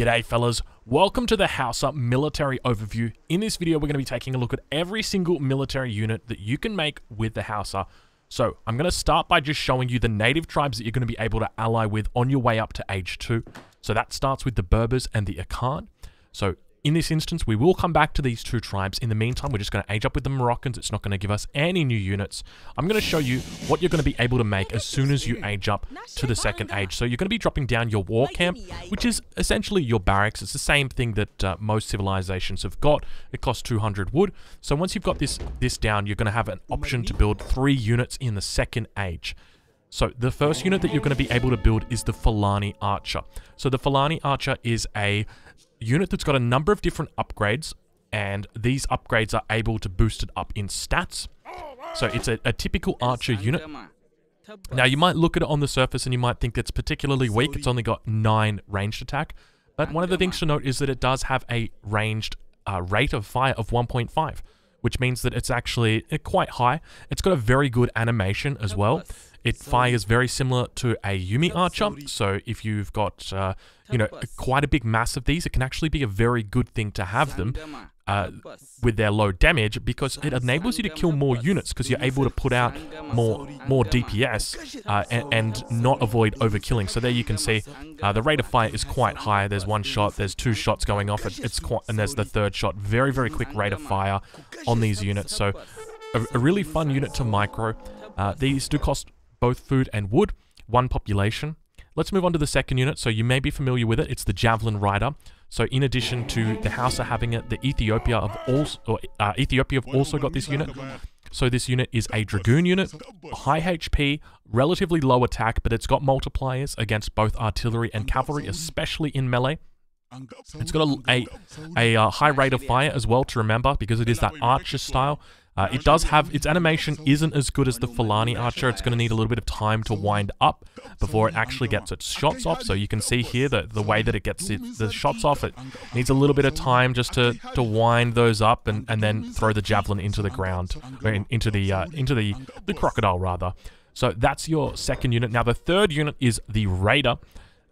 G'day fellas, welcome to the House Up Military Overview. In this video we're going to be taking a look at every single military unit that you can make with the House Up. So I'm going to start by just showing you the native tribes that you're going to be able to ally with on your way up to age 2. So that starts with the Berbers and the Akan. So in this instance, we will come back to these two tribes. In the meantime, we're just going to age up with the Moroccans. It's not going to give us any new units. I'm going to show you what you're going to be able to make as soon as you age up to the second age. So you're going to be dropping down your war camp, which is essentially your barracks. It's the same thing that uh, most civilizations have got. It costs 200 wood. So once you've got this, this down, you're going to have an option to build three units in the second age. So the first unit that you're going to be able to build is the Falani Archer. So the Falani Archer is a unit that's got a number of different upgrades, and these upgrades are able to boost it up in stats. So it's a, a typical archer unit. Now, you might look at it on the surface and you might think it's particularly weak. It's only got 9 ranged attack. But one of the things to note is that it does have a ranged uh, rate of fire of 1.5, which means that it's actually uh, quite high. It's got a very good animation as well. It fires very similar to a Yumi archer, so if you've got, uh, you know, quite a big mass of these, it can actually be a very good thing to have them uh, with their low damage because it enables you to kill more units because you're able to put out more more DPS oh, uh, and, and, not avoid overkilling. So there you can see uh, the rate of fire is quite high. There's one shot, there's two shots going off, it, it's quite, and there's the third shot. Very, very quick rate of fire oh, on these units. So a, a really fun unit to micro. Uh, these do cost both food and wood, one population. Let's move on to the second unit, so you may be familiar with it. It's the Javelin Rider. So in addition to the Hausa having it, the Ethiopia of also, or, uh, Ethiopia have also got this unit. So this unit is a Dragoon unit, high HP, relatively low attack, but it's got multipliers against both artillery and cavalry, especially in melee. It's got a, a, a, uh, high rate of fire as well to remember because it is that archer style. Uh, it does have, its animation isn't as good as the Fulani Archer. It's going to need a little bit of time to wind up before it actually gets its shots off. So you can see here that the way that it gets it, the shots off, it needs a little bit of time just to, to wind those up and, and then throw the javelin into the ground, in, into the uh, into the, the crocodile rather. So that's your second unit. Now the third unit is the Raider.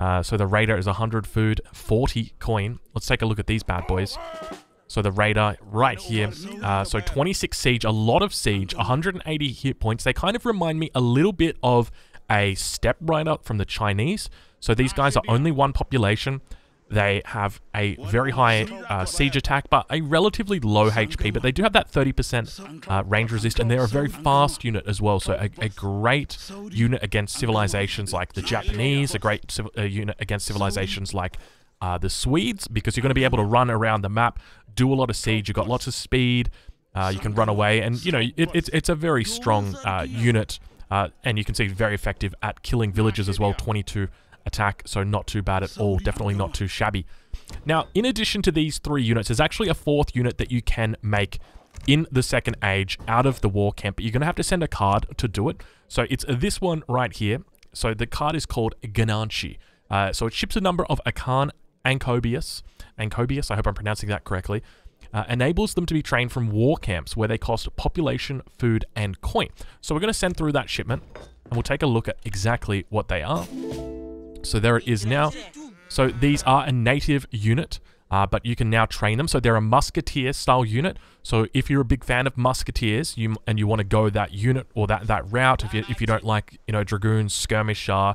Uh, so the Raider is 100 food, 40 coin. Let's take a look at these bad boys. So the radar right here. Uh, so 26 siege, a lot of siege, 180 hit points. They kind of remind me a little bit of a step rider from the Chinese. So these guys are only one population. They have a very high uh, siege attack, but a relatively low HP. But they do have that 30% uh, range resist, and they're a very fast unit as well. So a, a great unit against civilizations like the Japanese, a great civ uh, unit against civilizations like uh, the Swedes because you're going to be able to run around the map, do a lot of siege. You've got lots of speed. Uh, you can run away, and you know it, it's it's a very strong uh, unit, uh, and you can see very effective at killing villages as well. 22 attack, so not too bad at all. Definitely not too shabby. Now, in addition to these three units, there's actually a fourth unit that you can make in the second age out of the war camp. But you're going to have to send a card to do it. So it's this one right here. So the card is called Gananshi. Uh, so it ships a number of Akan Ancobius, Ancobius, I hope I'm pronouncing that correctly, uh, enables them to be trained from war camps where they cost population, food, and coin. So we're going to send through that shipment and we'll take a look at exactly what they are. So there it is now. So these are a native unit. Uh, but you can now train them. So they're a musketeer style unit. So if you're a big fan of musketeers, you and you want to go that unit or that that route, if you if you don't like you know dragoons, skirmisher,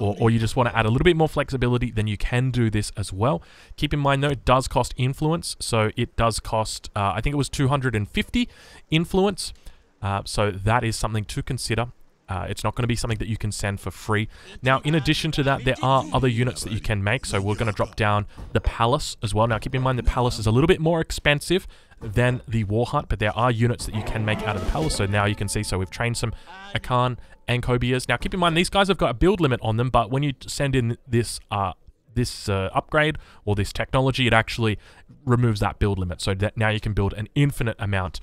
or or you just want to add a little bit more flexibility, then you can do this as well. Keep in mind though, it does cost influence, so it does cost. Uh, I think it was 250 influence. Uh, so that is something to consider uh, it's not going to be something that you can send for free. Now, in addition to that, there are other units that you can make. So we're going to drop down the Palace as well. Now, keep in mind the Palace is a little bit more expensive than the War Hunt, but there are units that you can make out of the Palace. So now you can see, so we've trained some Akan and Kobias. Now, keep in mind, these guys have got a build limit on them, but when you send in this uh, this uh, upgrade or this technology, it actually removes that build limit. So that now you can build an infinite amount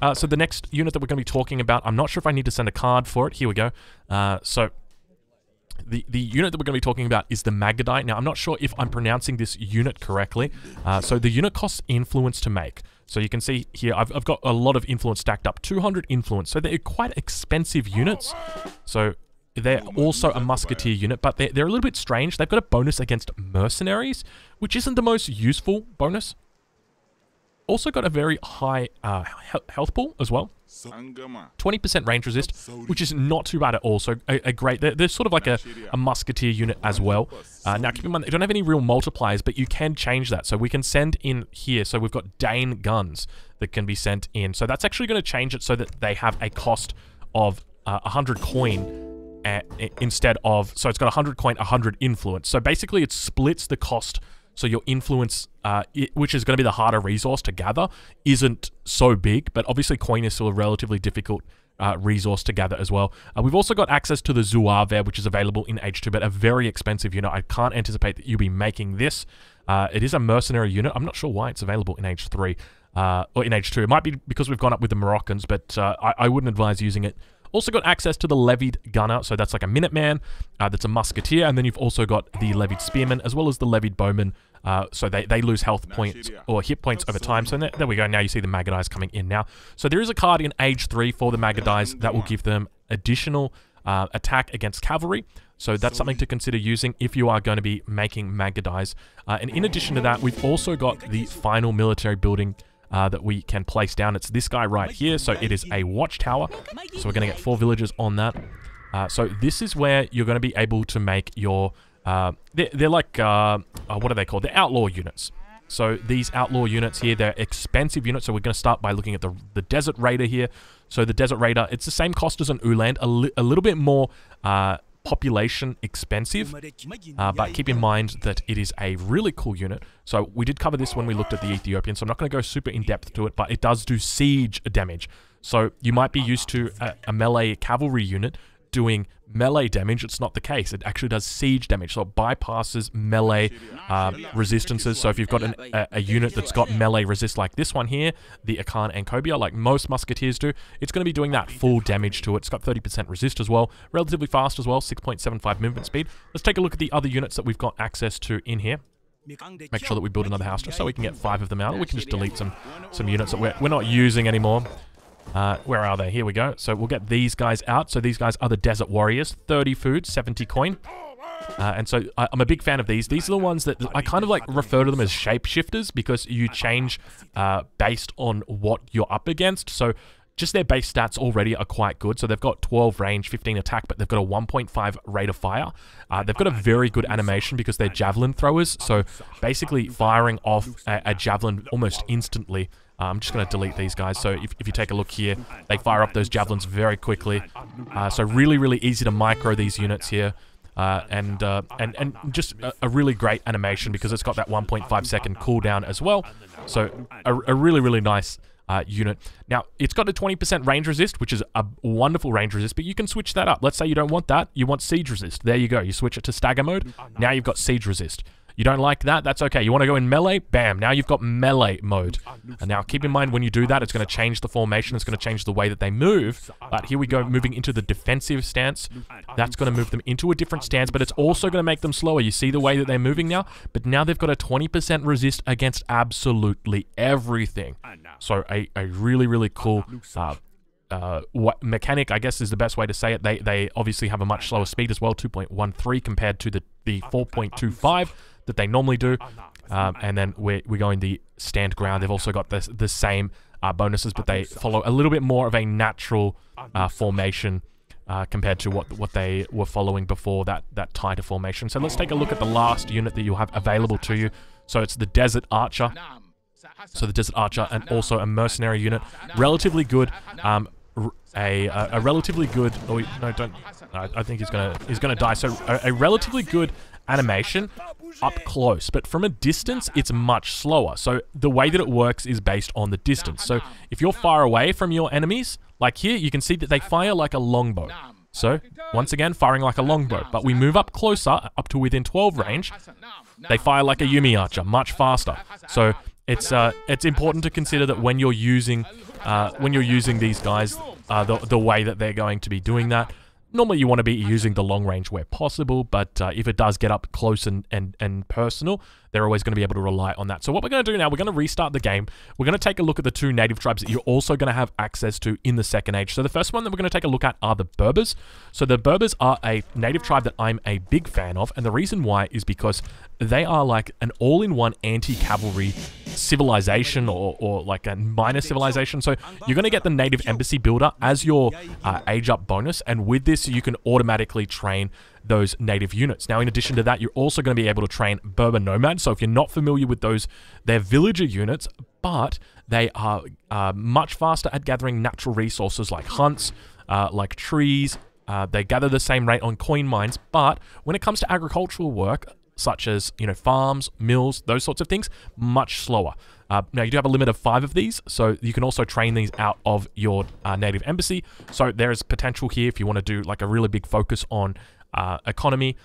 uh, so the next unit that we're going to be talking about, I'm not sure if I need to send a card for it. Here we go. Uh, so the, the unit that we're going to be talking about is the Magadite. Now, I'm not sure if I'm pronouncing this unit correctly. Uh, so the unit costs influence to make. So you can see here, I've, I've got a lot of influence stacked up, 200 influence. So they're quite expensive units. So they're also a musketeer unit, but they're, they're a little bit strange. They've got a bonus against mercenaries, which isn't the most useful bonus. Also got a very high uh, health pool as well. 20% range resist, which is not too bad at all. So a, a great, they're, they're, sort of like a, a musketeer unit as well. Uh, now keep in mind, they don't have any real multipliers, but you can change that. So we can send in here. So we've got Dane guns that can be sent in. So that's actually going to change it so that they have a cost of uh, 100 coin at, uh, instead of, so it's got 100 coin, 100 influence. So basically it splits the cost so your influence, uh, it, which is going to be the harder resource to gather, isn't so big. But obviously, coin is still a relatively difficult uh, resource to gather as well. Uh, we've also got access to the Zouave, which is available in H2, but a very expensive unit. I can't anticipate that you'll be making this. Uh, it is a mercenary unit. I'm not sure why it's available in H3 uh, or in H2. It might be because we've gone up with the Moroccans, but uh, I, I wouldn't advise using it also got access to the levied gunner, so that's like a Minuteman, uh, that's a musketeer, and then you've also got the levied spearman as well as the levied bowman. Uh, so they, they lose health points or hit points over time. So there, there we go. Now you see the Magadies coming in now. So there is a card in Age 3 for the Magadies that will give them additional uh, attack against cavalry. So that's something to consider using if you are going to be making Magadies. Uh, and in addition to that, we've also got the final military building uh, that we can place down. It's this guy right here, so it is a watchtower. So we're going to get four villagers on that. Uh, so this is where you're going to be able to make your... Uh, they're, they're, like, uh, uh, what are they called? They're outlaw units. So these outlaw units here, they're expensive units. So we're going to start by looking at the, the Desert Raider here. So the Desert Raider, it's the same cost as an Uland, a, li a little bit more uh, population expensive, uh, but keep in mind that it is a really cool unit. So we did cover this when we looked at the Ethiopian, so I'm not going to go super in-depth to it, but it does do siege damage. So you might be used to a, a melee cavalry unit doing melee damage, it's not the case. It actually does siege damage, so it bypasses melee uh, resistances. So if you've got an, a, a, unit that's got melee resist like this one here, the Akan and Kobia, like most musketeers do, it's going to be doing that full damage to it. It's got 30% resist as well, relatively fast as well, 6.75 movement speed. Let's take a look at the other units that we've got access to in here make sure that we build another house just so we can get five of them out. We can just delete some some units that we're, we're not using anymore. Uh, where are they? Here we go. So we'll get these guys out. So these guys are the Desert Warriors. 30 food, 70 coin. Uh, and so I, am a big fan of these. These are the ones that I kind of like refer to them as shapeshifters because you change uh, based on what you're up against. So just their base stats already are quite good. So they've got 12 range, 15 attack, but they've got a 1.5 rate of fire. Uh, they've got a very good animation because they're javelin throwers. So basically firing off a, a javelin almost instantly I'm just going to delete these guys. So if, if, you take a look here, they fire up those javelins very quickly. Uh, so really, really easy to micro these units here. Uh, and, uh, and and just a, a, really great animation because it's got that 1.5 second cooldown as well. So a, a really, really nice uh, unit. Now, it's got a 20% range resist, which is a wonderful range resist, but you can switch that up. Let's say you don't want that. You want siege resist. There you go. You switch it to stagger mode. Now you've got siege resist. You don't like that? That's okay. You want to go in melee? Bam. Now you've got melee mode. And now keep in mind when you do that, it's going to change the formation. It's going to change the way that they move. But here we go, moving into the defensive stance. That's going to move them into a different stance, but it's also going to make them slower. You see the way that they're moving now? But now they've got a 20% resist against absolutely everything. So a, a really, really cool uh, uh, what mechanic, I guess is the best way to say it. They they obviously have a much slower speed as well, 2.13 compared to the, the 4.25 that they normally do. Um, and then we're, we're going the stand ground. They've also got the, the same uh, bonuses, but they follow a little bit more of a natural uh, formation uh, compared to what what they were following before that, that tighter formation. So let's take a look at the last unit that you'll have available to you. So it's the Desert Archer. So the Desert Archer and also a mercenary unit. Relatively good. Um, a, a, relatively good. Oh no, don't. I think he's gonna he's gonna die. So a, a relatively good animation up close, but from a distance, it's much slower. So the way that it works is based on the distance. So if you're far away from your enemies, like here, you can see that they fire like a longbow. So, once again, firing like a longbow, but we move up closer, up to within 12 range. They fire like a Yumi archer, much faster. So, it's uh, it's important to consider that when you're using uh, when you're using these guys, uh, the, the way that they're going to be doing that. Normally you want to be using the long range where possible, but uh, if it does get up close and, and, and personal, they're always going to be able to rely on that. So what we're going to do now, we're going to restart the game. We're going to take a look at the two native tribes that you're also going to have access to in the Second Age. So the first one that we're going to take a look at are the Berbers. So the Berbers are a native tribe that I'm a big fan of, and the reason why is because they are like an all-in-one anti-cavalry civilization or, or like a minor civilization. So you're going to get the native embassy builder as your uh, age up bonus. And with this, you can automatically train those native units. Now, in addition to that, you're also going to be able to train Berber nomads. So if you're not familiar with those, they're villager units, but they are uh, much faster at gathering natural resources like hunts, uh, like trees. Uh, they gather the same rate on coin mines, but when it comes to agricultural work, such as you know farms, mills, those sorts of things, much slower. Uh, now you do have a limit of five of these, so you can also train these out of your uh, native embassy. So there is potential here if you want to do like a really big focus on uh, economy,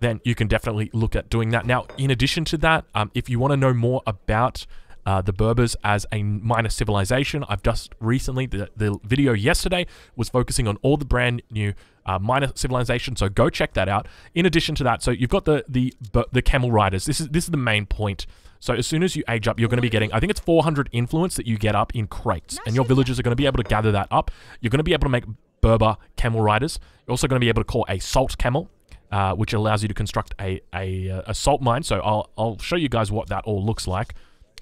then you can definitely look at doing that. Now, in addition to that, um, if you want to know more about uh, the Berbers as a minor civilization. I've just recently, the, the video yesterday was focusing on all the brand new uh, minor civilization. So go check that out. In addition to that, so you've got the the the camel riders. This is this is the main point. So as soon as you age up, you're going to be getting, I think it's 400 influence that you get up in crates, and your villagers are going to be able to gather that up. You're going to be able to make Berber camel riders. You're also going to be able to call a salt camel, uh, which allows you to construct a, a, uh, a salt mine. So I'll, I'll show you guys what that all looks like.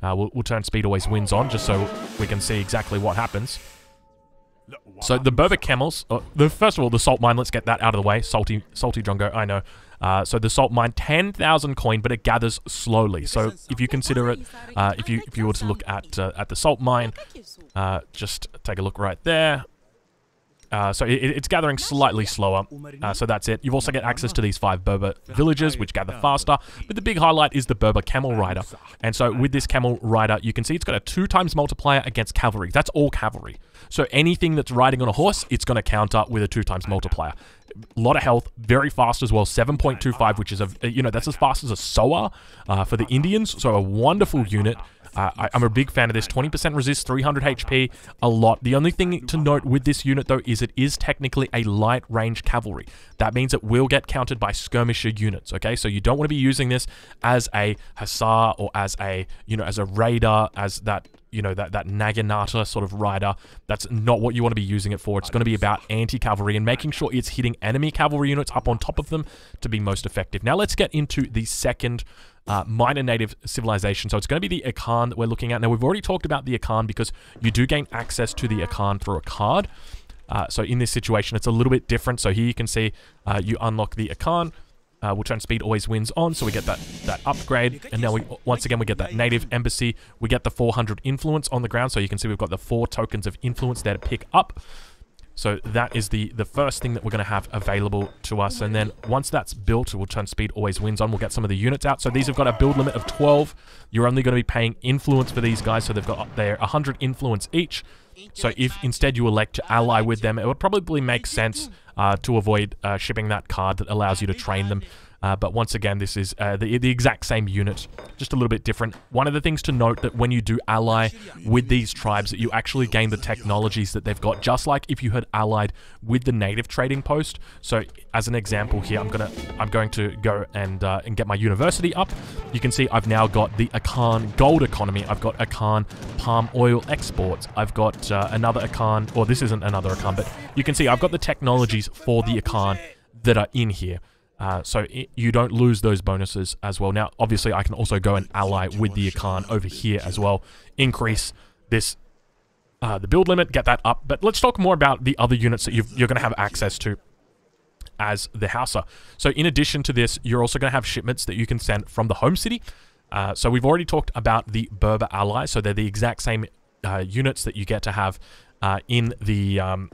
Uh, we'll, we'll, turn speed always wins on just so we can see exactly what happens. So the Berber camels, uh, the first of all, the salt mine, let's get that out of the way. Salty, salty Drongo, I know. Uh, so the salt mine, 10,000 coin, but it gathers slowly. So if you consider it, uh, if you if you were to look at uh, at the salt mine, uh, just take a look right there. Uh, so it, it's gathering slightly slower, uh, so that's it. You've also get access to these five Berber villages, which gather faster, but the big highlight is the Berber Camel Rider. And so with this Camel Rider, you can see it's got a two times multiplier against cavalry. That's all cavalry. So anything that's riding on a horse, it's going to counter with a two times multiplier. A lot of health, very fast as well, 7.25, which is, a you know, that's as fast as a SOA uh, for the Indians, so a wonderful unit. Uh, I, am a big fan of this. 20% resist, 300 HP, a lot. The only thing to note with this unit, though, is it is technically a light range cavalry. That means it will get countered by skirmisher units, okay? So you don't want to be using this as a hussar or as a, you know, as a raider, as that you know, that, that Naginata sort of rider. That's not what you want to be using it for. It's going to be about anti-cavalry and making sure it's hitting enemy cavalry units up on top of them to be most effective. Now let's get into the second uh, minor native civilization. So it's going to be the Akan that we're looking at. Now, we've already talked about the Akan because you do gain access to the Akan through a card. Uh, so in this situation, it's a little bit different. So here you can see uh, you unlock the Akan. Uh, we'll turn speed always wins on, so we get that, that upgrade. And now, we once again, we get that native embassy. We get the 400 influence on the ground. So you can see we've got the four tokens of influence there to pick up. So that is the, the first thing that we're going to have available to us. And then once that's built, we'll turn speed always wins on. We'll get some of the units out. So these have got a build limit of 12. You're only going to be paying influence for these guys. So they've got their 100 influence each. So if instead you elect to ally with them, it would probably make sense uh, to avoid uh, shipping that card that allows you to train them. Uh, but once again, this is uh, the, the exact same unit, just a little bit different. One of the things to note that when you do ally with these tribes, that you actually gain the technologies that they've got, just like if you had allied with the native trading post. So as an example here, I'm gonna I'm going to go and uh, and get my university up. You can see I've now got the Akan gold economy. I've got Akan palm oil exports. I've got uh, another Akan, or this isn't another Akan, but you can see I've got the technologies for the Akan that are in here. Uh, so it, you don't lose those bonuses as well. Now, obviously, I can also go and ally with the Akan over here as well. Increase this uh, the build limit, get that up. But let's talk more about the other units that you are going to have access to as the Hausa. So in addition to this, you're also going to have shipments that you can send from the home city. Uh, so we've already talked about the Berber allies. So they're the exact same uh, units that you get to have uh, in the... Um,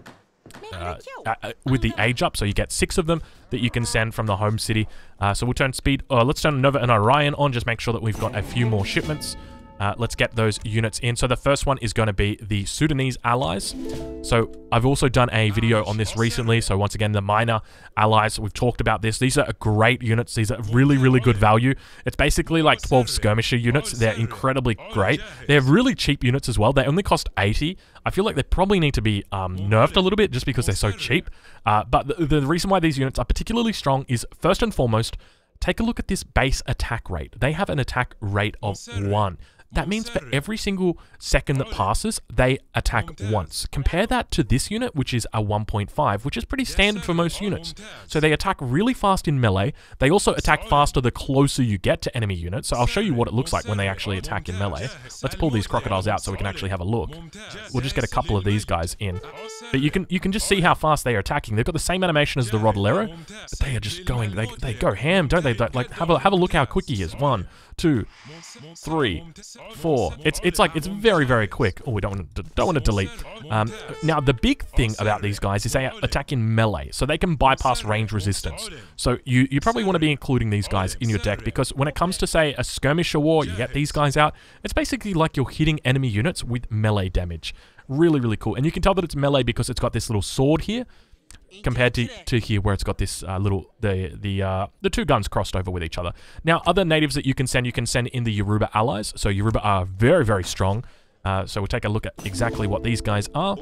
uh, uh, uh, with the age up, so you get six of them that you can uh-huh. send from the home city. Uh, so we'll turn speed, uh, let's turn Nova and Orion on, just make sure that we've got a few more shipments. Uh, let's get those units in. So the first one is going to be the Sudanese allies. So I've also done a video on this recently. So once again, the minor allies, we've talked about this. These are great units. These are really, really good value. It's basically like 12 skirmisher units. They're incredibly great. They're really cheap units as well. They only cost 80. I feel like they probably need to be um, nerfed a little bit just because they're so cheap. Uh, but the, the reason why these units are particularly strong is first and foremost, take a look at this base attack rate. They have an attack rate of 1. That means for every single second that passes, they attack once. Compare that to this unit, which is a 1.5, which is pretty standard for most units. So they attack really fast in melee. They also attack faster the closer you get to enemy units. So I'll show you what it looks like when they actually attack in melee. Let's pull these crocodiles out so we can actually have a look. We'll just get a couple of these guys in. But you can you can just see how fast they are attacking. They've got the same animation as the Rodolero, but they are just going, they, they go ham, don't they? Like, have a, have a look how quick he is. One, two, three, four. It's it's like it's very very quick. Oh, we don't want to don't want to delete. Um, now the big thing about these guys is they attack in melee, so they can bypass range resistance. So you you probably want to be including these guys in your deck because when it comes to say a skirmisher war, you get these guys out. It's basically like you're hitting enemy units with melee damage. Really, really cool. And you can tell that it's melee because it's got this little sword here compared to, to here where it's got this uh, little the the uh, the two guns crossed over with each other. Now, other natives that you can send, you can send in the Yoruba allies. So Yoruba are very very strong. Uh, so we'll take a look at exactly what these guys are.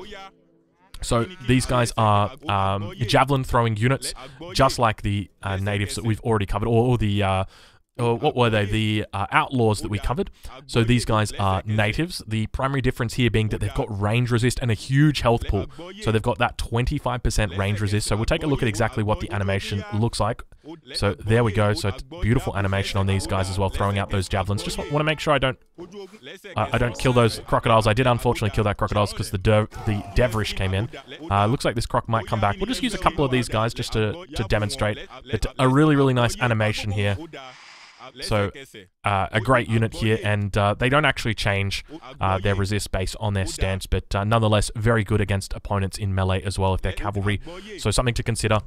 So these guys are um, javelin throwing units, just like the uh, natives that we've already covered, or, or the uh, what were they? The uh, outlaws that we covered. So these guys are natives. The primary difference here being that they've got range resist and a huge health pool. So they've got that 25% range resist. So we'll take a look at exactly what the animation looks like. So there we go. So beautiful animation on these guys as well, throwing out those javelins. Just want to make sure I don't uh, I don't kill those crocodiles. I did unfortunately kill that crocodiles because the the devrish came in. Uh, looks like this croc might come back. We'll just use a couple of these guys just to, to demonstrate. It's a really, really nice animation here. So uh, a great unit here, and uh, they don't actually change uh, their resist based on their stance, but uh, nonetheless very good against opponents in melee as well if they're cavalry. So something to consider.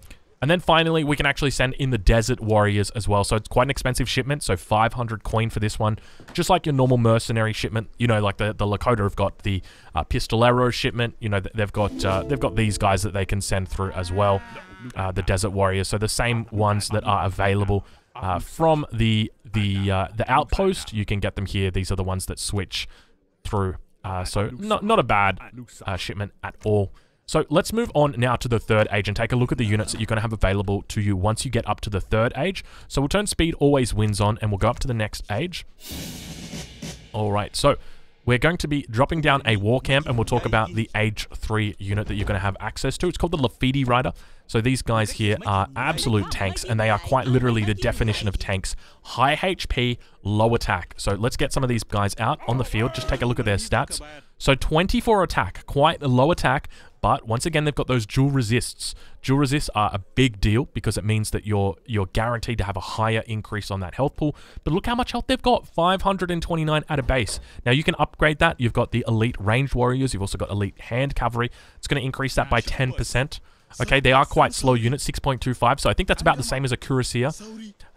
And then finally, we can actually send in the Desert Warriors as well. So it's quite an expensive shipment. So 500 coin for this one. Just like your normal mercenary shipment. You know, like the, the Lakota have got the uh, Pistolero shipment. You know, they've got uh, they've got these guys that they can send through as well. Uh, the Desert Warriors. So the same ones that are available uh, from the the uh, the outpost. You can get them here. These are the ones that switch through. Uh, so not not a bad uh, shipment at all. So let's move on now to the third age and take a look at the units that you're going to have available to you once you get up to the third age. So we'll turn speed always wins on and we'll go up to the next age. All right, so we're going to be dropping down a war camp and we'll talk about the age 3 unit that you're going to have access to. It's called the Lafidi Rider. So these guys here are absolute tanks and they are quite literally the definition of tanks. High HP, low attack. So let's get some of these guys out on the field. Just take a look at their stats. So 24 attack, quite low attack, but once again, they've got those dual resists. Dual resists are a big deal because it means that you're you're guaranteed to have a higher increase on that health pool. But look how much health they've got, 529 at a base. Now you can upgrade that. You've got the elite ranged warriors. You've also got elite hand cavalry. It's going to increase that by 10%. Okay, they are quite slow units, 6.25, so I think that's about the same as a Cuirassier.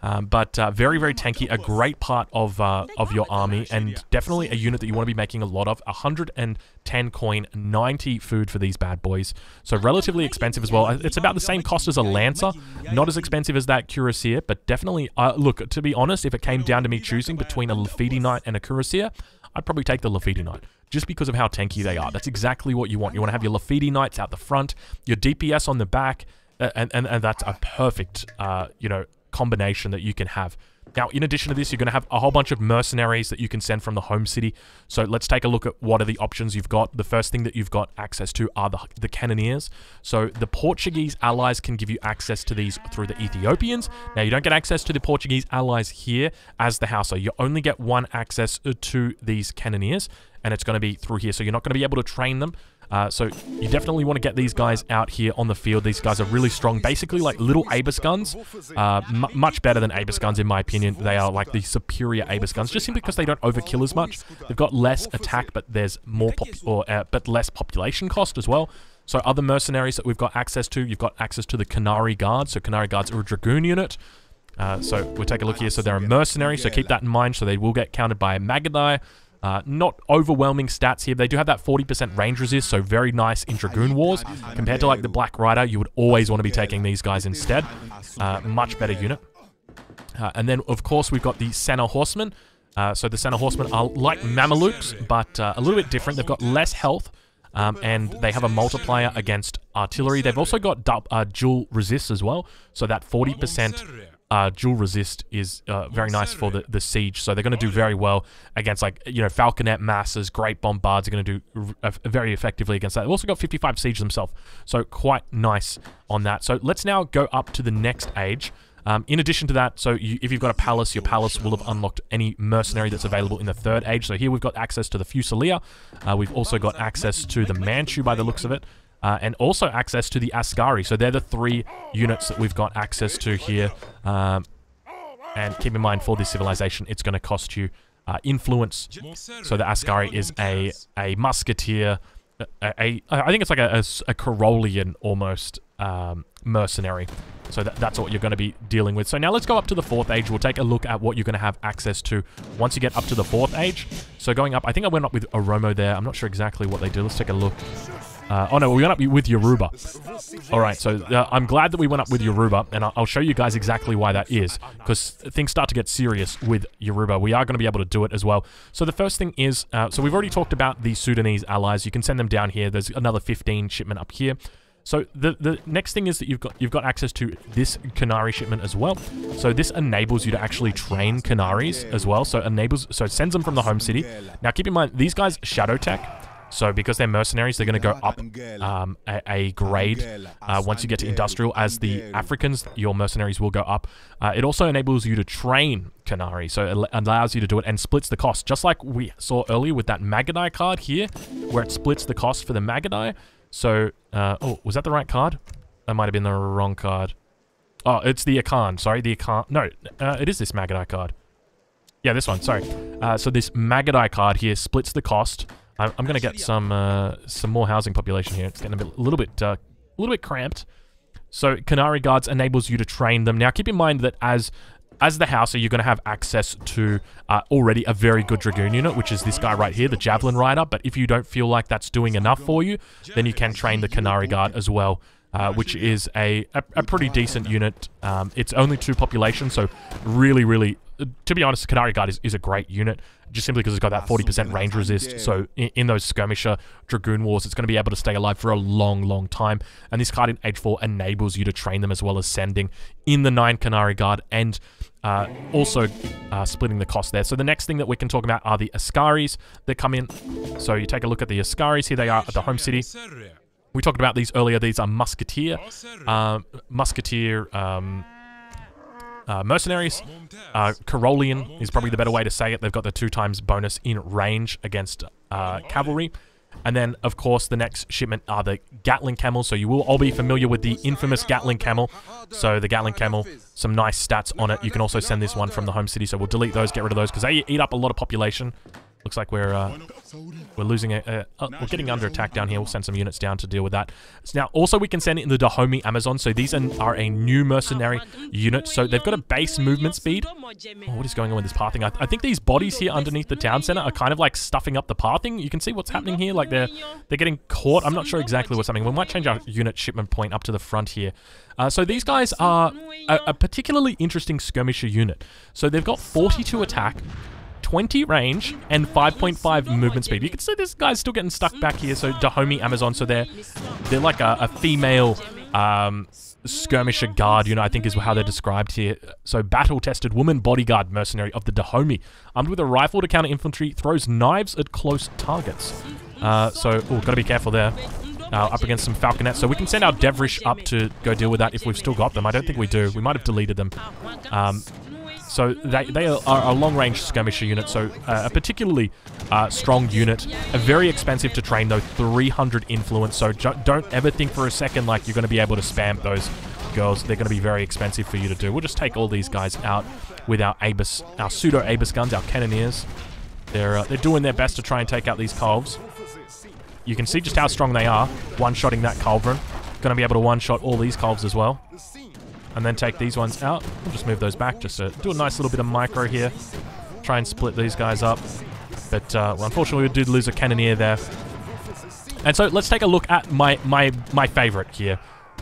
Um, but uh, very, very tanky, a great part of, uh, of your army, and definitely a unit that you want to be making a lot of. 110 coin, 90 food for these bad boys. So relatively expensive as well. Uh, it's about the same cost as a Lancer, not as expensive as that Cuirassier, but definitely, uh, look, to be honest, if it came down to me choosing between a Lafidi Knight and a Cuirassier, I'd probably take the Lafiti Knight just because of how tanky they are. That's exactly what you want. You want to have your Lafiti Knights out the front, your DPS on the back, and, and, and that's a perfect, uh, you know, combination that you can have now, in addition to this, you're going to have a whole bunch of mercenaries that you can send from the home city. So let's take a look at what are the options you've got. The first thing that you've got access to are the, the cannoneers. So the Portuguese allies can give you access to these through the Ethiopians. Now, you don't get access to the Portuguese allies here as the So You only get one access to these cannoneers, and it's going to be through here. So you're not going to be able to train them. Uh, so you definitely want to get these guys out here on the field. These guys are really strong, basically like little Abus guns. Uh, much better than Abus guns in my opinion. They are like the superior Abus guns, just simply because they don't overkill as much. They've got less attack, but there's more or uh, but less population cost as well. So other mercenaries that we've got access to, you've got access to the Canary Guard. So Canary Guards are a Dragoon unit. Uh, so we'll take a look here. So they're a mercenary, so keep that in mind. So they will get counted by a Magadai. Uh, not overwhelming stats here. They do have that 40% range resist, so very nice ah, in Dragoon Wars. Compared to like the Black Rider, you would always want to be taking these guys instead. Uh, much better unit. Uh, and then, of course, we've got the Senna Horsemen. Uh, so the Senna Horsemen are like Mamelukes, but uh, a little bit different. They've got less health, um, and they have a multiplier against artillery. They've also got uh, dual resist as well, so that 40% uh, dual resist is uh, very nice for the, the siege. So they're going to do oh, very well against like, you know, falconet masses, great bombards are going to do uh, very effectively against that. They've also got 55 siege themselves. So quite nice on that. So let's now go up to the next age. Um, in addition to that, so you, if you've got a palace, your palace will have unlocked any mercenary that's available in the third age. So here we've got access to the Fusilier. Uh, we've also got access to the Manchu by the looks of it. Uh, and also access to the Asgari. So they're the three units that we've got access to here. Um, and keep in mind, for this civilization, it's going to cost you uh, influence. So the Asgari is a, a musketeer, a, a, I think it's like a, a, a Carolian almost um, mercenary. So that's what you're going to be dealing with. So now let's go up to the fourth age. We'll take a look at what you're going to have access to once you get up to the fourth age. So going up, I think I went up with Aromo there. I'm not sure exactly what they do. Let's take a look. Uh, oh no, we went up with Yoruba. Alright, so uh, I'm glad that we went up with Yoruba, and I'll show you guys exactly why that is, because things start to get serious with Yoruba. We are going to be able to do it as well. So the first thing is, uh, so we've already talked about the Sudanese allies. You can send them down here. There's another 15 shipment up here. So the, the next thing is that you've got you've got access to this Canary shipment as well. So this enables you to actually train Canaries as well. So enables so sends them from the home city. Now keep in mind these guys shadow tech. So because they're mercenaries, they're going to go up um, a, a, grade uh, once you get to industrial. As the Africans, your mercenaries will go up. Uh, it also enables you to train Canary, so it allows you to do it and splits the cost, just like we saw earlier with that Magadai card here, where it splits the cost for the Magadai. So, uh, oh, was that the right card? That might have been the wrong card. Oh, it's the Akan. Sorry, the Akan. No, uh, it is this Magadai card. Yeah, this one. Sorry. Uh, so this Magadai card here splits the cost. I'm, I'm going to get some uh, some more housing population here. It's getting a, bit, a little bit uh, a little bit cramped. So Canary Guards enables you to train them. Now keep in mind that as as the Hauser, you're going to have access to uh, already a very good Dragoon unit, which is this guy right here, the Javelin Rider. But if you don't feel like that's doing enough for you, then you can train the Canary Guard as well. Uh, which is a, a, a, pretty decent unit. Um, it's only two population, so really, really to be honest, Canary Guard is, is a great unit just simply because it's got that 40% range resist. So in, in, those skirmisher Dragoon Wars, it's going to be able to stay alive for a long, long time. And this card in Age 4 enables you to train them as well as sending in the 9 Canary Guard and uh, also uh, splitting the cost there. So the next thing that we can talk about are the Ascaris that come in. So you take a look at the Ascaris. Here they are at the home city. We talked about these earlier. These are Musketeer. Oh, um, musketeer... Um, uh, mercenaries, uh, Carolian is probably the better way to say it. They've got the two times bonus in range against uh, cavalry. And then, of course, the next shipment are the Gatling Camels. So you will all be familiar with the infamous Gatling Camel. So the Gatling Camel, some nice stats on it. You can also send this one from the home city. So we'll delete those, get rid of those, because they eat up a lot of population. Looks like we're uh, we're losing a, uh, we're getting under attack down here. We'll send some units down to deal with that. So now, also we can send in the Dahomey Amazon. So these are, are a new mercenary unit. So they've got a base movement speed. Oh, what is going on with this pathing? I, I think these bodies here underneath the town center are kind of like stuffing up the pathing. You can see what's happening here. Like they're they're getting caught. I'm not sure exactly what's happening. We might change our unit shipment point up to the front here. Uh, so these guys are a, a particularly interesting skirmisher unit. So they've got 42 attack. 20 range and 5.5 movement speed. You can see this guy's still getting stuck back here. So Dahomey Amazon, so they're they're like a, a female um, skirmisher guard, you know, I think is how they're described here. So battle-tested woman bodyguard mercenary of the Dahomey, armed with a rifle to counter infantry, throws knives at close targets. Uh, so, oh, gotta be careful there. Uh, up against some Falconets. So we can send our Devrish up to go deal with that if we've still got them. I don't think we do. We might have deleted them. Um, so they, they are a long-range skirmisher unit, so uh, a particularly uh, strong unit. A very expensive to train, though, 300 influence, so don't ever think for a second like you're going to be able to spam those girls. They're going to be very expensive for you to do. We'll just take all these guys out with our Abus, our pseudo-Abus guns, our Cannoneers. They're, uh, they're doing their best to try and take out these Culves. You can see just how strong they are, one-shotting that Culverin. Going to be able to one-shot all these Culves as well and then take these ones out. We'll just move those back just to do a nice little bit of micro here. Try and split these guys up. But uh, well, unfortunately, we did lose a cannoneer there. And so let's take a look at my my my favorite here.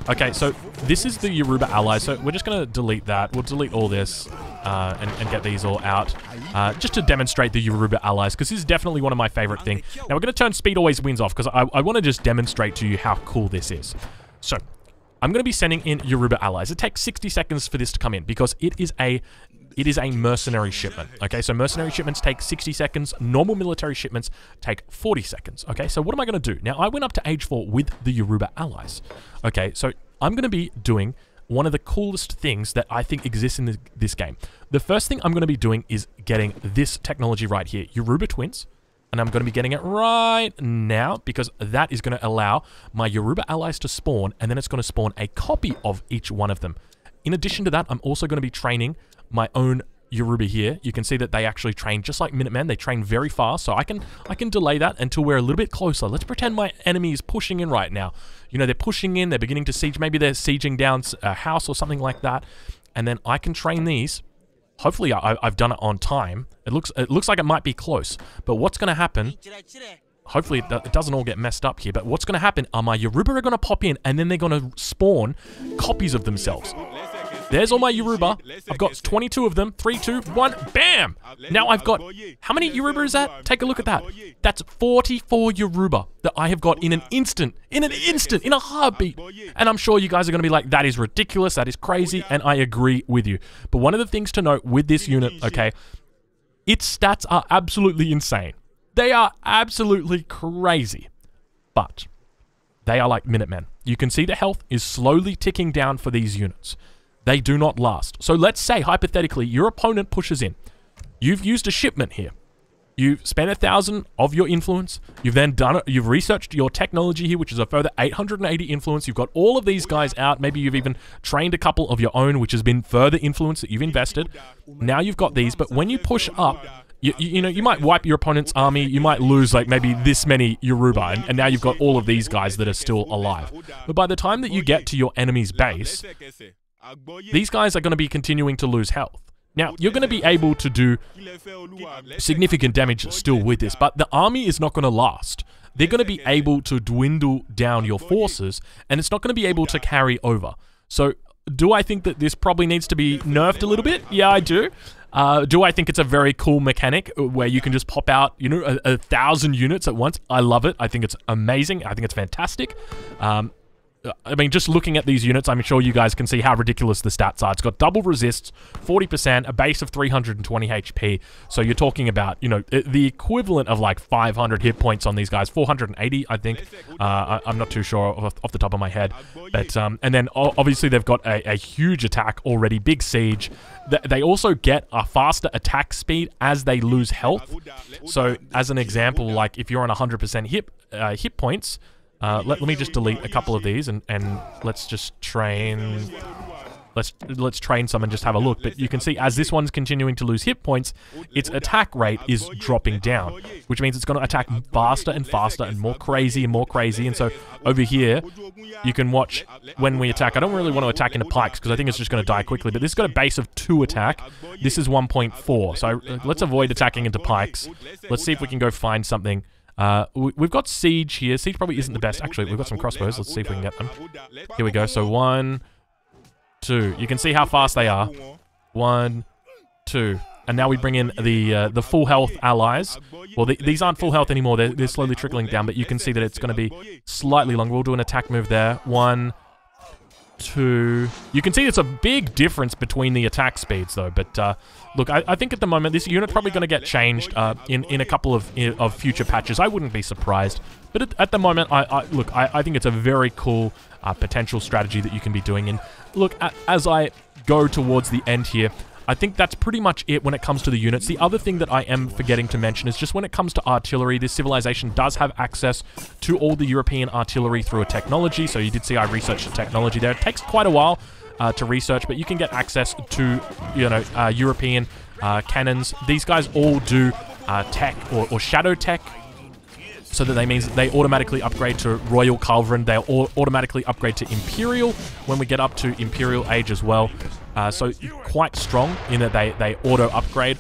Okay, so this is the Yoruba ally, so we're just going to delete that. We'll delete all this uh, and, and, get these all out, uh, just to demonstrate the Yoruba allies, because this is definitely one of my favorite things. Now, we're going to turn Speed Always Wins off, because I, I want to just demonstrate to you how cool this is. So, I'm going to be sending in Yoruba allies. It takes 60 seconds for this to come in because it is a it is a mercenary shipment. Okay, so mercenary shipments take 60 seconds. Normal military shipments take 40 seconds. Okay, so what am I going to do? Now, I went up to age 4 with the Yoruba allies. Okay, so I'm going to be doing one of the coolest things that I think exists in this, this game. The first thing I'm going to be doing is getting this technology right here, Yoruba Twins and I'm going to be getting it right now because that is going to allow my Yoruba allies to spawn and then it's going to spawn a copy of each one of them. In addition to that, I'm also going to be training my own Yoruba here. You can see that they actually train just like Minutemen. They train very fast, so I can I can delay that until we're a little bit closer. Let's pretend my enemy is pushing in right now. You know, they're pushing in, they're beginning to siege. Maybe they're sieging down a house or something like that. And then I can train these Hopefully I, have done it on time. It looks it looks like it might be close. But what's going to happen... Hopefully it, it doesn't all get messed up here. But what's going to happen are my Yoruba are going to pop in and then they're going to spawn copies of themselves. There's all my Yoruba. I've got 22 of them. Three, two, one. Bam! Now I've got... How many Yoruba is that? Take a look at that. That's 44 Yoruba that I have got in an instant. In an instant. In a heartbeat. And I'm sure you guys are going to be like, that is ridiculous. That is crazy. And I agree with you. But one of the things to note with this unit, okay, its stats are absolutely insane. They are absolutely crazy. But they are like Minutemen. You can see the health is slowly ticking down for these units. They do not last. So let's say, hypothetically, your opponent pushes in. You've used a shipment here. You've spent a thousand of your influence. You've then done it. You've researched your technology here, which is a further 880 influence. You've got all of these guys out. Maybe you've even trained a couple of your own, which has been further influence that you've invested. Now you've got these, but when you push up, you, you, know, you might wipe your opponent's army, you might lose like maybe this many Yoruba, and, and, now you've got all of these guys that are still alive. But by the time that you get to your enemy's base, these guys are going to be continuing to lose health. Now, you're going to be able to do significant damage still with this, but the army is not going to last. They're going to be able to dwindle down your forces, and it's not going to be able to carry over. So, do I think that this probably needs to be nerfed a little bit? Yeah, I do. Uh, do I think it's a very cool mechanic uh, where you can just pop out, you know, a, a thousand units at once? I love it. I think it's amazing. I think it's fantastic. Um, I mean, just looking at these units, I'm sure you guys can see how ridiculous the stats are. It's got double resists, 40%, a base of 320 HP. So you're talking about, you know, the equivalent of like 500 hit points on these guys. 480, I think. Uh, I, am not too sure off, off, the top of my head. But, um, and then obviously they've got a, a huge attack already, big siege. They also get a faster attack speed as they lose health. So as an example, like if you're on 100% hit, uh, hit points, uh, let, let me just delete a couple of these and, and let's just train... Let's, let's train some and just have a look. But you can see as this one's continuing to lose hit points, its attack rate is dropping down, which means it's going to attack faster and faster and more crazy and more crazy. And so over here, you can watch when we attack. I don't really want to attack into pikes because I think it's just going to die quickly. But this has got a base of 2 attack. This is 1.4. So I, uh, let's avoid attacking into pikes. Let's see if we can go find something uh, we, have got Siege here. Siege probably isn't the best. Actually, we've got some crossbows. Let's see if we can get them. Here we go. So one, two. You can see how fast they are. One, two. And now we bring in the uh, the full health allies. Well, the, these aren't full health anymore. They're, they're slowly trickling down, but you can see that it's going to be slightly longer. We'll do an attack move there. One, two you can see it's a big difference between the attack speeds, though. But uh, look, I, I, think at the moment this unit's probably going to get changed uh, in in a couple of in, of future patches. I wouldn't be surprised. But at, at the moment, I, I look, I, I, think it's a very cool uh, potential strategy that you can be doing. And look, as I go towards the end here, I think that's pretty much it when it comes to the units. The other thing that I am forgetting to mention is just when it comes to artillery, this civilization does have access to all the European artillery through a technology. So you did see I researched the technology there. It takes quite a while uh, to research, but you can get access to, you know, uh, European uh, cannons. These guys all do uh, tech or, or shadow tech so that they means they automatically upgrade to Royal Culverin. They automatically upgrade to Imperial when we get up to Imperial Age as well. Uh, so quite strong in that they, they auto-upgrade.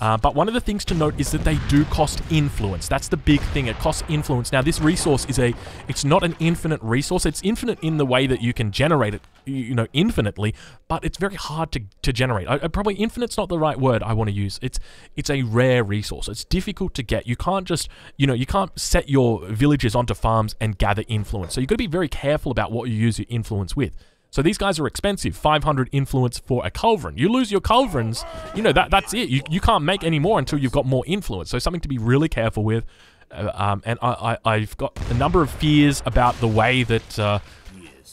Uh, but one of the things to note is that they do cost influence. That's the big thing. It costs influence. Now, this resource is a, it's not an infinite resource. It's infinite in the way that you can generate it, you know, infinitely, but it's very hard to, to generate. I, I probably infinite's not the right word I want to use. It's, it's a rare resource. It's difficult to get. You can't just, you know, you can't set your villages onto farms and gather influence. So you've got to be very careful about what you use your influence with. So these guys are expensive. 500 influence for a culverin. You lose your culverins, you know, that that's it. You, you can't make any more until you've got more influence. So something to be really careful with. Uh, um, and I, I, have got a number of fears about the way that... Uh,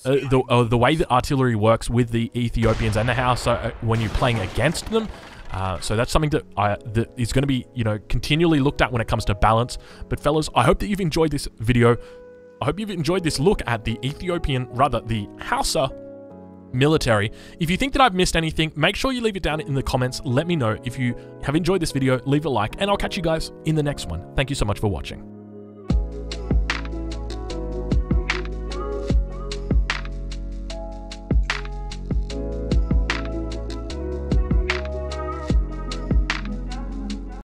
uh, the, uh, the way that artillery works with the Ethiopians and the so uh, when you're playing against them, uh, so that's something that, I, that is going to be, you know, continually looked at when it comes to balance. But fellas, I hope that you've enjoyed this video. I hope you've enjoyed this look at the Ethiopian, rather the Hausa military. If you think that I've missed anything, make sure you leave it down in the comments. Let me know if you have enjoyed this video, leave a like, and I'll catch you guys in the next one. Thank you so much for watching.